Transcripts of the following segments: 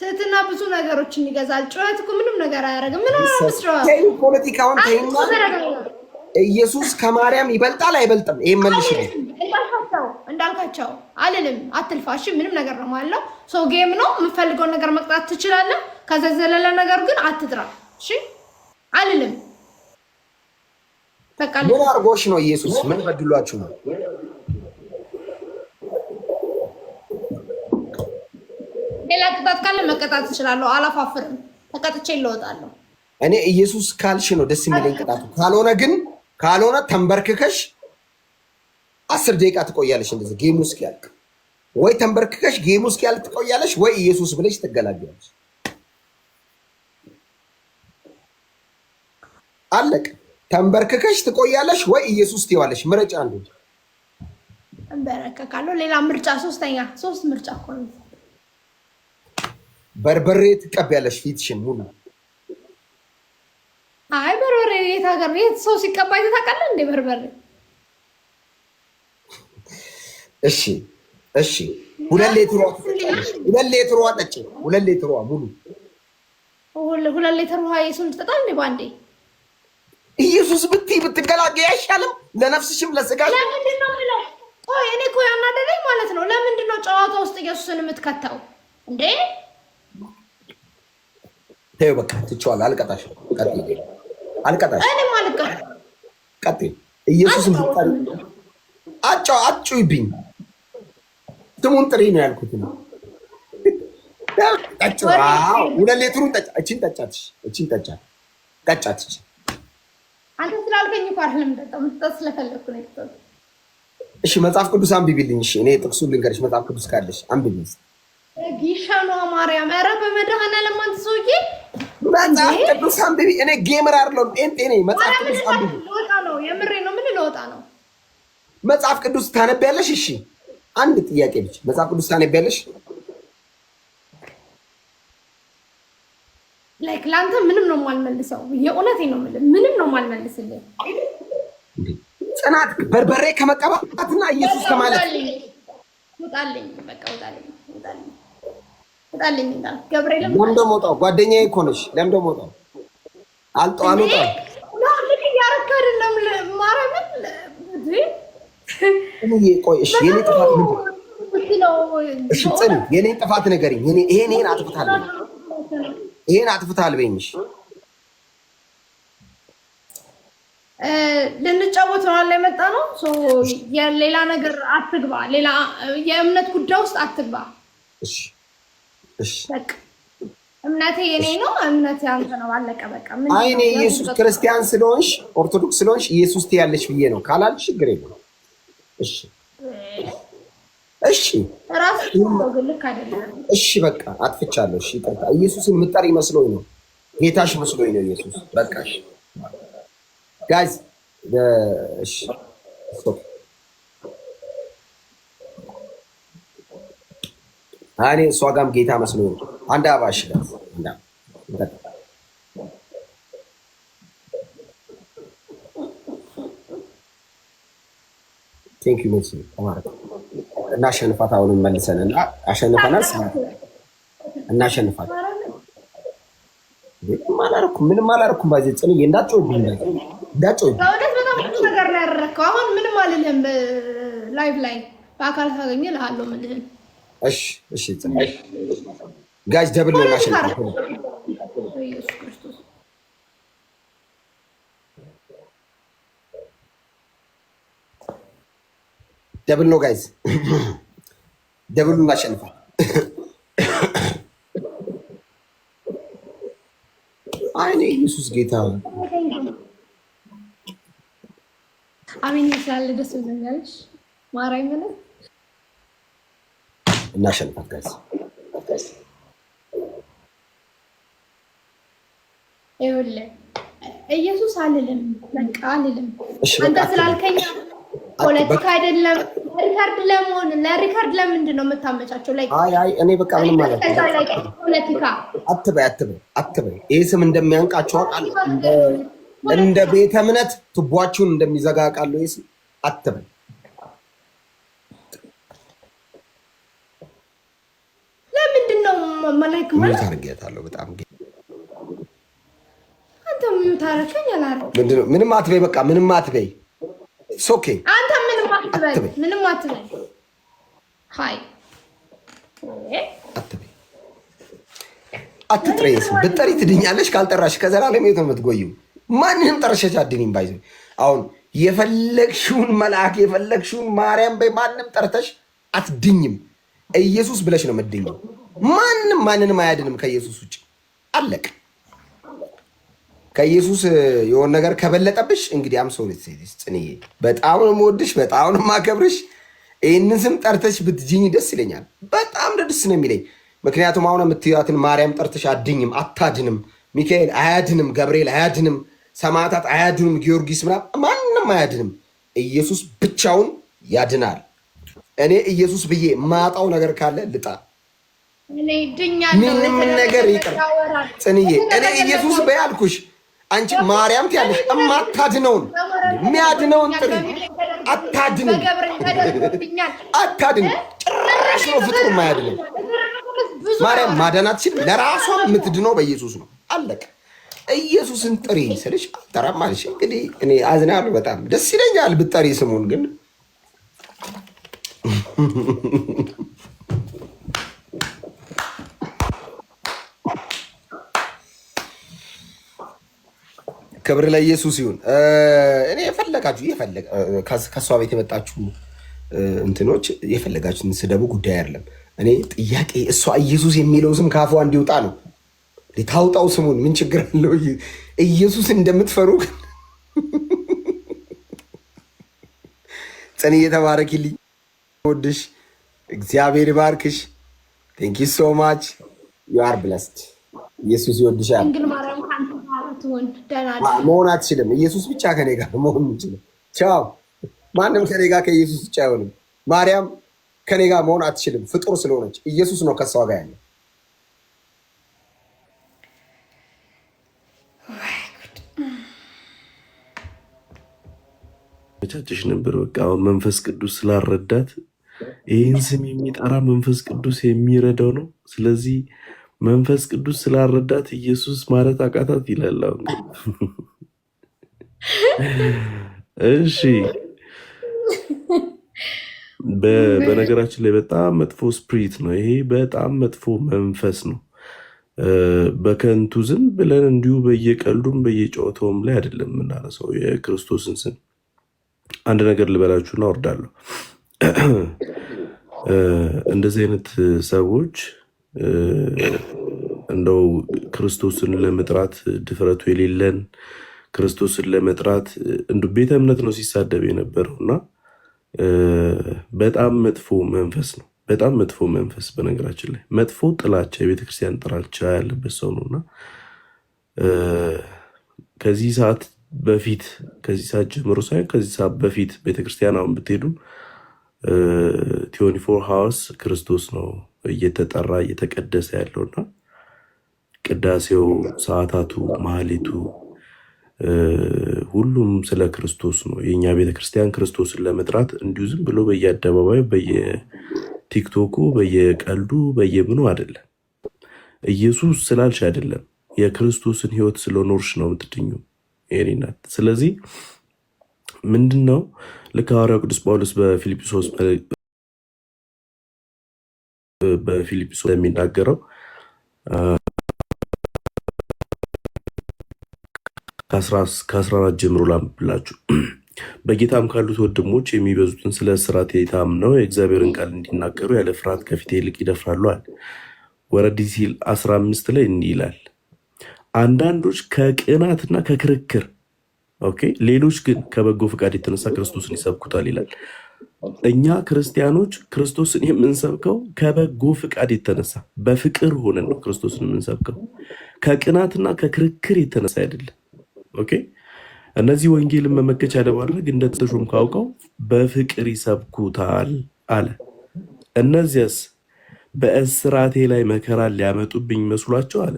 ትህትና ብዙ ነገሮችን ይገዛል። ጩኸት እኮ ምንም ነገር አያደርግም። ምን አላመስጨዋል። ፖለቲካውን ኢየሱስ ከማርያም ይበልጣል አይበልጥም? ይህ መልሽ እንዳልካቸው አልልም። አትልፋሽ ምንም ነገር ነው ማለው። ሰው ጌም ነው። የምፈልገውን ነገር መቅጣት ትችላለህ። ከዛ ዘለለ ነገር ግን አትጥራ። እሺ አልልም። ምን አርጎሽ ነው ኢየሱስ? ምን በድሏችሁ ነው? ሌላ ቅጣት ካለ መቀጣት እችላለሁ። አላፋፍርም። ተቀጥቼ ይለወጣለሁ። እኔ ኢየሱስ ካልሽ ነው ደስ የሚለኝ ቅጣቱ። ካልሆነ ግን ካልሆነ ተንበርክከሽ አስር ደቂቃ ትቆያለሽ። እንደዚህ ጌሙ እስኪያልቅ ወይ ተንበርክከሽ ጌሙ እስኪያልቅ ትቆያለሽ፣ ወይ ኢየሱስ ብለሽ ትገላገያለሽ። አለቅ ተንበርክከሽ ትቆያለሽ፣ ወይ ኢየሱስ ትይዋለሽ። ምረጫ አንዱ ተንበረከካለሁ። ሌላ ምርጫ ሶስተኛ ሶስት ምርጫ እኮ ነው በርበሬ ትቀቢያለሽ ፊትሽን ሙሉ። አይ በርበሬ የት ሀገር የት ሰው ሲቀባ አይተህ ታውቃለህ እንዴ? በርበሬ እሺ፣ እሺ። ሁለት ሌትሯ ሁለት ሌትሯ ጠጪ። ሁለት ሌትሯ ሙሉ ሁለት ሌትር ውሃ ኢየሱስ ልትጠጣ እንዴ? በአንዴ ኢየሱስ ብትይ ብትገላገይ አይሻልም? ለነፍስሽም ለስጋሽ። ለምንድን ነው የምለው? ቆይ እኔ እኮ ያናደደኝ ማለት ነው፣ ለምንድን ነው ጨዋታ ውስጥ ኢየሱስን የምትከተው እንዴ? ተይው በቃ ትቼዋለሁ። አልቀጣሽ አልቀጣሽ ቀጥይ። ኢየሱስን አጫው አጩይብኝ ስሙን ጥሪ ነው ያልኩት ሁለት ሌትሩን እችን ጠጫትሽ እችን ጠጫት አንተ ስላልከኝ እኮ አይደለም ስለፈለግኩ ነው። እሺ መጽሐፍ ቅዱስ አንብቢልኝ። እሺ እኔ ጥቅሱ ልንገርሽ መጽሐፍ ቅዱስ ካለሽ አንብቢልኝ። ጊሻ ማርያም ኧረ መጽሐፍ ቅዱስ አንብቢ። እኔ ጌምር አይደለሁም፣ ጤንጤ ነኝ። መጽሐፍ ቅዱስ አንብቢ። የምሬ ነው። ምን ልወጣ ነው? መጽሐፍ ቅዱስ ታነቢያለሽ? እሺ፣ አንድ ጥያቄ ልጅ፣ መጽሐፍ ቅዱስ ታነቢያለሽ? ላይክ ለአንተ ምንም ነው የማልመልሰው። ነው የምልህ፣ ምንም ነው የማልመልስልህ። ጽናት በርበሬ ከመቀባትና ኢየሱስ ከማለት ውጣልኝ፣ በቃ ውጣልኝ፣ ውጣልኝ ለምን ደሞ ወጣሁ? ጓደኛዬ እኮ ነሽ። ለምን ደሞ ወጣሁ? አልጠዋል ወጣሁ እያረካ አይደለም። ማርያምን የኔ ጥፋት ንገሪኝ። ይሄን ይሄን አጥፍታለሁ፣ ይሄን አጥፍታለሁ በይኝ። ልንጫወት ነው አለ የመጣ ነው። ሌላ ነገር አትግባ፣ ሌላ የእምነት ጉዳይ ውስጥ አትግባ። እምነቴ የኔ ነው፣ እምነቴ አንተ ነው። አለቀ በቃ። አይ እኔ ኢየሱስ ክርስቲያን ስለሆንሽ ኦርቶዶክስ ስለሆንሽ ኢየሱስ ትያለሽ ብዬ ነው። ካላልሽ ችግር የለም። እሺ እሺ፣ እሺ በቃ አጥፍቻለሁ። እሺ ይቅርታ። ኢየሱስን ምጠሪ መስሎኝ ነው፣ ጌታሽ መስሎኝ ነው። ኢየሱስ በቃ ጋይዝ እኔ እሷ ጋም ጌታ መስሎ አንድ አባሽ እናሸንፋት። አሁንም መልሰን አሸንፈናል። እናሸንፋት። ምንም አላደረኩም። ባዜ ጽንዬ እንዳትጮህብኝ፣ እንዳትጮህብኝ። በጣም ነገር ነው ያደረግከው። አሁን ምንም አልልህም። ላይቭ ላይ በአካል ካገኘ ልሃለሁ ምልህን እሺ፣ እሺ ጋጅ ደብል ነው ደብል ነው ጋይዝ፣ ደብሉ እናሸንፋል። አይኔ ኢየሱስ ጌታ አሜን። ይላል። ደስ ብሎኛል። ማራይ ምንም እናሸንፋት ጋይስ። ይኸውልህ ኢየሱስ አልልም፣ በቃ አልልም። አንተ ስላልከኝ ፖለቲካ አይደለም። ለመሆን ለምንድን ነው የምታመቻቸው? ላይ እኔ በቃ ምንም ማለት ፖለቲካ አትበይ፣ አትበይ፣ አትበይ። ይህ ስም እንደሚያንቃቸው አውቃለሁ። እንደ ቤተ እምነት ትቧችሁን እንደሚዘጋ አውቃለሁ። ይህ ስም አትበይ አመላክ ማለት አድርጌያታለሁ። በጣም አንተ ምን ታረከኝ? ምንም አትበይ፣ በቃ ምንም አትበይ። ሶኬ አንተ ምንም አትበይ፣ ምንም አትበይ። ሃይ አትበይ፣ አትጥረይስ። ብትጠሪ ትድኛለሽ፣ ካልጠራሽ ከዘላለም የት ነው የምትጎይው? ማንንም ጠርሸሽ አድኝም ባይዘ አሁን የፈለግሽውን መልአክ የፈለግሽውን ማርያም በይ ማንም ጠርተሽ አትድኝም። ኢየሱስ ብለሽ ነው የምትድኝው። ማንም ማንንም አያድንም ከኢየሱስ ውጭ አለቅ። ከኢየሱስ የሆን ነገር ከበለጠብሽ እንግዲህ አም ሰው ጽንዬ፣ በጣም ነው የምወድሽ፣ በጣም ነው የማከብርሽ። ይህንን ስም ጠርተሽ ብትጅኝ ደስ ይለኛል። በጣም ደስ ነው የሚለኝ። ምክንያቱም አሁን የምትያትን ማርያም ጠርተሽ አድኝም፣ አታድንም። ሚካኤል አያድንም፣ ገብርኤል አያድንም፣ ሰማዕታት አያድኑም፣ ጊዮርጊስ ምናምን ማንም አያድንም። ኢየሱስ ብቻውን ያድናል። እኔ ኢየሱስ ብዬ ማጣው ነገር ካለ ልጣ ምንም ነገር ይቅር ጽንዬ፣ እኔ ኢየሱስ በያልኩሽ አንቺ ማርያም ትያለሽ። እማታድነውን የሚያድነውን ጥሪ አታድንም፣ አታድንም። ጭራሽ ነው ፍጡር የማያድነው። ማርያም ማዳናት ሲል ለራሷ የምትድነው በኢየሱስ ነው። አለቀ። ኢየሱስን ጥሪ ስልሽ አልጠራም አልሽ። እንግዲህ እኔ አዝናለሁ። በጣም ደስ ይለኛል ብጠሪ ስሙን ግን ክብር ለኢየሱስ ይሁን። እኔ የፈለጋችሁ ከእሷ ቤት የመጣችሁ እንትኖች የፈለጋችሁን ስደቡ፣ ጉዳይ አይደለም። እኔ ጥያቄ እሷ ኢየሱስ የሚለው ስም ከአፏ እንዲወጣ ነው። ታውጣው ስሙን ምን ችግር አለው? ኢየሱስ እንደምትፈሩ ጽን እየተባረኪልኝ ወድሽ እግዚአብሔር ይባርክሽ። ቴንኪ ሶ ማች ዩ አር ብለስድ ኢየሱስ ይወድሻል። አትሆን መሆን አትችልም። ኢየሱስ ብቻ ከኔ ጋር መሆን የሚችለው ቻው። ማንም ከኔ ጋር ከኢየሱስ ብቻ አይሆንም። ማርያም ከኔ ጋር መሆን አትችልም፣ ፍጡር ስለሆነች ኢየሱስ ነው ከሷ ጋር ያለው። መቻችሽ ነበር በቃ አሁን መንፈስ ቅዱስ ስላረዳት ይህን ስም የሚጠራ መንፈስ ቅዱስ የሚረዳው ነው። ስለዚህ መንፈስ ቅዱስ ስላረዳት ኢየሱስ ማለት አቃታት ይላል። እሺ፣ በነገራችን ላይ በጣም መጥፎ ስፕሪት ነው ይሄ፣ በጣም መጥፎ መንፈስ ነው። በከንቱ ዝም ብለን እንዲሁ በየቀልዱም በየጨዋታውም ላይ አይደለም የምናነሳው የክርስቶስን ስም። አንድ ነገር ልበላችሁና ወርዳለሁ። እንደዚህ አይነት ሰዎች እንደው ክርስቶስን ለመጥራት ድፍረቱ የሌለን ክርስቶስን ለመጥራት እንዱ ቤተ እምነት ነው ሲሳደብ የነበረው እና በጣም መጥፎ መንፈስ ነው። በጣም መጥፎ መንፈስ በነገራችን ላይ መጥፎ ጥላቻ፣ የቤተክርስቲያን ጥላቻ ያለበት ሰው ነው እና ከዚህ ሰዓት በፊት ከዚህ ሰዓት ጀምሮ ሳይሆን ከዚህ ሰዓት በፊት ቤተክርስቲያን አሁን ብትሄዱ ቲዌንቲ ፎር ክርስቶስ ነው እየተጠራ እየተቀደሰ ያለውና ቅዳሴው፣ ሰዓታቱ፣ ማህሌቱ ሁሉም ስለ ክርስቶስ ነው። የእኛ ቤተክርስቲያን ክርስቶስን ለመጥራት እንዲሁ ዝም ብሎ በየአደባባዩ በየቲክቶኩ በየቀልዱ በየምኑ አይደለም። ኢየሱስ ስላልሽ አይደለም፣ የክርስቶስን ህይወት ስለኖርሽ ነው የምትድኙ ናት። ስለዚህ ምንድን ነው ልክ ሐዋርያው ቅዱስ ጳውሎስ በፊልጵሶስ በፊልጵስ እንደሚናገረው ከአስራ አራት ጀምሮ ላምብላችሁ። በጌታም ካሉት ወንድሞች የሚበዙትን ስለ እስራት ታምነው የእግዚአብሔርን ቃል እንዲናገሩ ያለ ፍርሃት ከፊቴ ይልቅ ይደፍራሉ አለ። ወረድ ሲል አስራ አምስት ላይ እንዲህ ይላል አንዳንዶች ከቅናትና ከክርክር ኦኬ፣ ሌሎች ግን ከበጎ ፈቃድ የተነሳ ክርስቶስን ይሰብኩታል ይላል። እኛ ክርስቲያኖች ክርስቶስን የምንሰብከው ከበጎ ፍቃድ የተነሳ በፍቅር ሆነን ነው ክርስቶስን የምንሰብከው፣ ከቅናትና ከክርክር የተነሳ አይደለም። ኦኬ እነዚህ ወንጌልን መመከቻ ለማድረግ እንደተሾም ካውቀው በፍቅር ይሰብኩታል አለ። እነዚያስ በእስራቴ ላይ መከራን ሊያመጡብኝ መስሏቸው አለ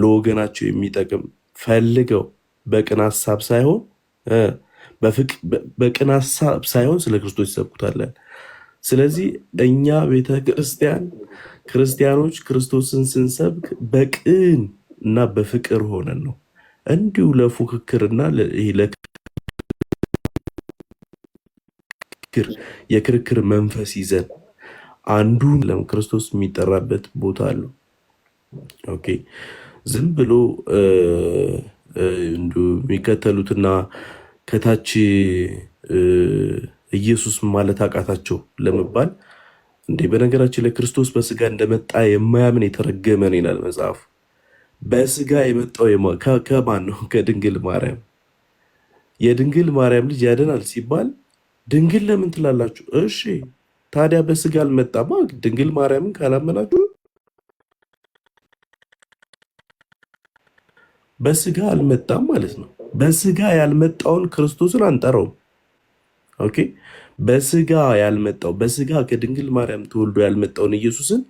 ለወገናቸው የሚጠቅም ፈልገው በቅን ሀሳብ ሳይሆን በቅን ሀሳብ ሳይሆን ስለ ክርስቶስ ይሰብኩታለን። ስለዚህ እኛ ቤተ ክርስቲያን ክርስቲያኖች ክርስቶስን ስንሰብክ በቅን እና በፍቅር ሆነን ነው። እንዲሁ ለፉክክርና ለክርክር የክርክር መንፈስ ይዘን አንዱን ክርስቶስ የሚጠራበት ቦታ አለው። ኦኬ ዝም ብሎ እንዲሁ የሚከተሉትና ከታች ኢየሱስ ማለት አቃታቸው ለመባል እንዴ? በነገራችን ለክርስቶስ ክርስቶስ በስጋ እንደመጣ የማያምን የተረገመ ነው ይላል መጽሐፉ። በስጋ የመጣው ከማን ነው? ከድንግል ማርያም። የድንግል ማርያም ልጅ ያደናል ሲባል ድንግል ለምን ትላላችሁ? እሺ ታዲያ በስጋ አልመጣማ። ድንግል ማርያምን ካላመናችሁ በስጋ አልመጣም ማለት ነው። በስጋ ያልመጣውን ክርስቶስን አንጠራውም። ኦኬ በስጋ ያልመጣው በስጋ ከድንግል ማርያም ተወልዶ ያልመጣውን ኢየሱስን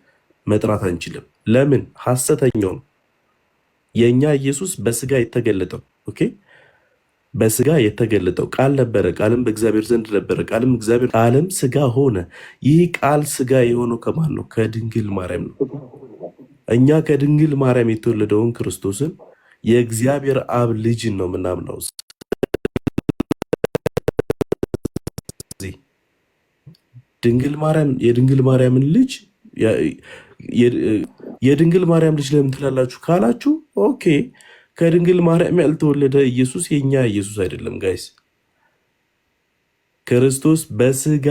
መጥራት አንችልም። ለምን? ሐሰተኛው ነው። የእኛ ኢየሱስ በስጋ የተገለጠው ኦኬ በስጋ የተገለጠው ቃል ነበረ፣ ቃልም በእግዚአብሔር ዘንድ ነበረ፣ ቃልም እግዚአብሔር ቃልም ስጋ ሆነ። ይህ ቃል ስጋ የሆነው ከማን ነው? ከድንግል ማርያም ነው። እኛ ከድንግል ማርያም የተወለደውን ክርስቶስን የእግዚአብሔር አብ ልጅን ነው የምናምነው። ድንግል ማርያም የድንግል ማርያምን ልጅ የድንግል ማርያም ልጅ ለምን ትላላችሁ ካላችሁ፣ ኦኬ ከድንግል ማርያም ያልተወለደ ኢየሱስ የኛ ኢየሱስ አይደለም ጋይስ። ክርስቶስ በስጋ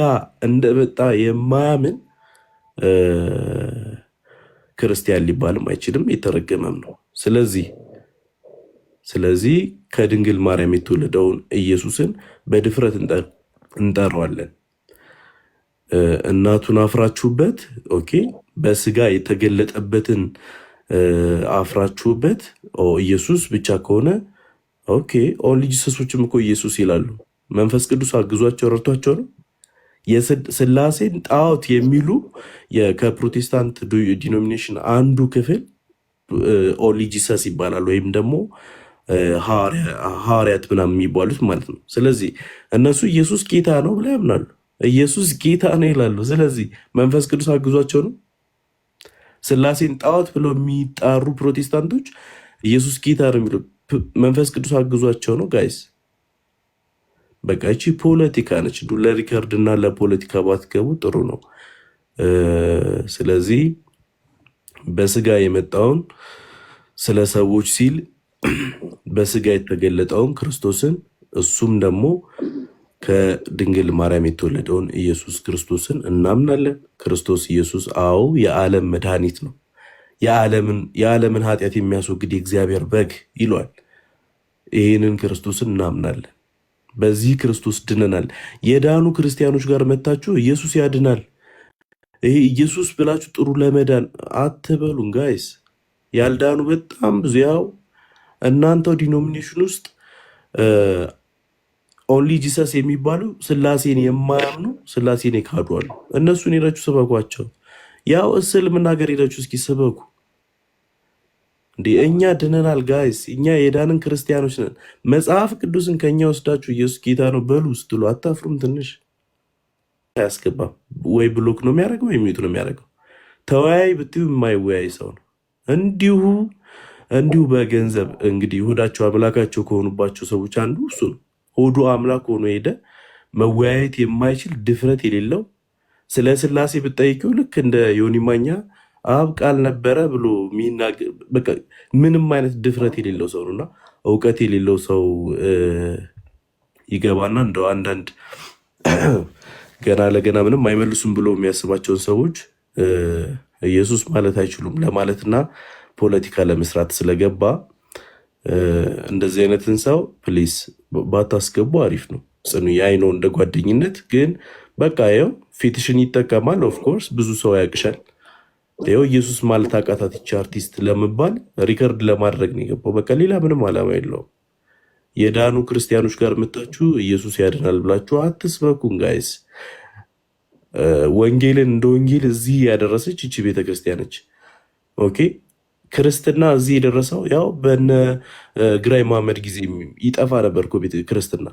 እንደመጣ የማያምን ክርስቲያን ሊባልም አይችልም፣ የተረገመም ነው። ስለዚህ ስለዚህ ከድንግል ማርያም የተወለደውን ኢየሱስን በድፍረት እንጠራዋለን። እናቱን አፍራችሁበት፣ ኦኬ፣ በስጋ የተገለጠበትን አፍራችሁበት። ኢየሱስ ብቻ ከሆነ ኦኬ፣ ኦንሊ ጂሰሶችም እኮ ኢየሱስ ይላሉ። መንፈስ ቅዱስ አግዟቸው ረድቷቸው ነው። የስላሴን ጣዖት የሚሉ ከፕሮቴስታንት ዲኖሚኔሽን አንዱ ክፍል ኦንሊ ጂሰስ ይባላል ወይም ደግሞ ሐዋርያት ምናምን የሚባሉት ማለት ነው። ስለዚህ እነሱ ኢየሱስ ጌታ ነው ብለው ያምናሉ። ኢየሱስ ጌታ ነው ይላሉ። ስለዚህ መንፈስ ቅዱስ አግዟቸው ነው። ስላሴን ጣዖት ብለው የሚጣሩ ፕሮቴስታንቶች ኢየሱስ ጌታ ነው የሚሉ። መንፈስ ቅዱስ አግዟቸው ነው። ጋይስ በቃ ይቺ ፖለቲካ ነች። ለሪከርድ እና ለፖለቲካ ባትገቡ ጥሩ ነው። ስለዚህ በስጋ የመጣውን ስለ ሰዎች ሲል በስጋ የተገለጠውን ክርስቶስን እሱም ደግሞ ከድንግል ማርያም የተወለደውን ኢየሱስ ክርስቶስን እናምናለን። ክርስቶስ ኢየሱስ አዎ የዓለም መድኃኒት ነው፣ የዓለምን ኃጢአት የሚያስወግድ የእግዚአብሔር በግ ይሏል። ይህንን ክርስቶስን እናምናለን። በዚህ ክርስቶስ ድነናል። የዳኑ ክርስቲያኖች ጋር መታችሁ ኢየሱስ ያድናል፣ ይሄ ኢየሱስ ብላችሁ ጥሩ ለመዳን አትበሉን ጋይስ። ያልዳኑ በጣም ብዙ ያው እናንተው ዲኖሚኔሽን ውስጥ ኦንሊ ጂሰስ የሚባሉ ስላሴን የማያምኑ ስላሴን የካዱ አሉ። እነሱን ሄዳችሁ ስበኳቸው። ያው እስልምና ሀገር ሄዳችሁ እስኪ ስበኩ። እንዴ እኛ ድነናል ጋይስ፣ እኛ የዳንን ክርስቲያኖች ነን። መጽሐፍ ቅዱስን ከእኛ ወስዳችሁ ኢየሱስ ጌታ ነው በሉ ስትሉ አታፍሩም? ትንሽ አያስገባም ወይ? ብሎክ ነው የሚያደርገው ወይ ሚዩት ነው የሚያደርገው? ተወያይ ብትዩ የማይወያይ ሰው ነው እንዲሁ እንዲሁ በገንዘብ እንግዲህ ሆዳቸው አምላካቸው ከሆኑባቸው ሰዎች አንዱ እሱ ነው። ሆዱ አምላክ ሆኖ ሄደ። መወያየት የማይችል ድፍረት የሌለው ስለ ስላሴ ብጠይቀው ልክ እንደ ዮኒማኛ አብ ቃል ነበረ ብሎ ምንም አይነት ድፍረት የሌለው ሰው ነውና እውቀት የሌለው ሰው ይገባና እንደው አንዳንድ ገና ለገና ምንም አይመልሱም ብሎ የሚያስባቸውን ሰዎች ኢየሱስ ማለት አይችሉም ለማለትና ፖለቲካ ለመስራት ስለገባ እንደዚህ አይነትን ሰው ፕሊስ ባታስገቡ አሪፍ ነው። ጽኑ ያይ ነው እንደ ጓደኝነት ግን በቃ ው ፊትሽን ይጠቀማል። ኦፍኮርስ ብዙ ሰው ያቅሻል። ው ኢየሱስ ማለት አቃታት ይቺ አርቲስት ለመባል ሪከርድ ለማድረግ ነው የገባው። በቃ ሌላ ምንም ዓላማ የለውም። የዳኑ ክርስቲያኖች ጋር መጣችሁ ኢየሱስ ያድናል ብላችሁ አትስበኩን ጋይስ። ወንጌልን እንደ ወንጌል እዚህ ያደረሰች ይቺ ቤተክርስቲያን ኦኬ ክርስትና እዚህ የደረሰው ያው በነ ግራይ መሐመድ ጊዜ ይጠፋ ነበር እኮ ክርስትና።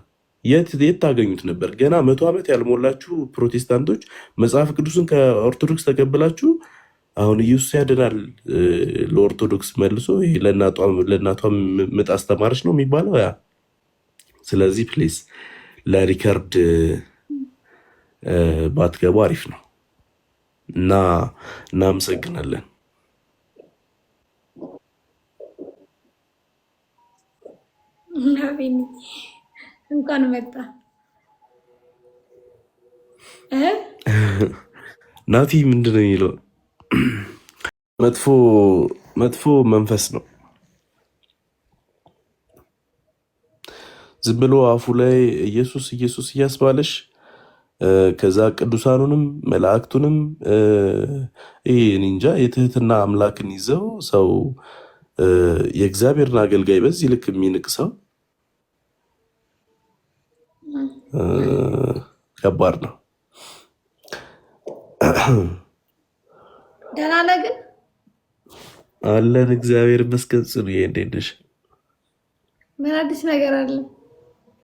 የት የት ታገኙት ነበር? ገና መቶ ዓመት ያልሞላችሁ ፕሮቴስታንቶች መጽሐፍ ቅዱስን ከኦርቶዶክስ ተቀብላችሁ አሁን ኢየሱስ ያድናል ለኦርቶዶክስ መልሶ ለእናቷም ምጥ አስተማረች ነው የሚባለው። ያ ስለዚህ ፕሌስ ለሪከርድ ባትገቡ አሪፍ ነው እና እናመሰግናለን። እና ቤኒ እንኳን መጣ ናቲ። ምንድን ነው የሚለው? መጥፎ መጥፎ መንፈስ ነው። ዝም ብሎ አፉ ላይ ኢየሱስ ኢየሱስ እያስባለሽ ከዛ ቅዱሳኑንም መላእክቱንም እንጃ የትህትና አምላክን ይዘው ሰው የእግዚአብሔርን አገልጋይ በዚህ ልክ የሚንቅ ሰው ከባድ ነው። ደህና ነህ ግን? አለን እግዚአብሔር ይመስገን። ጽኑዬ እንዴት ነሽ? ምን አዲስ ነገር አለ?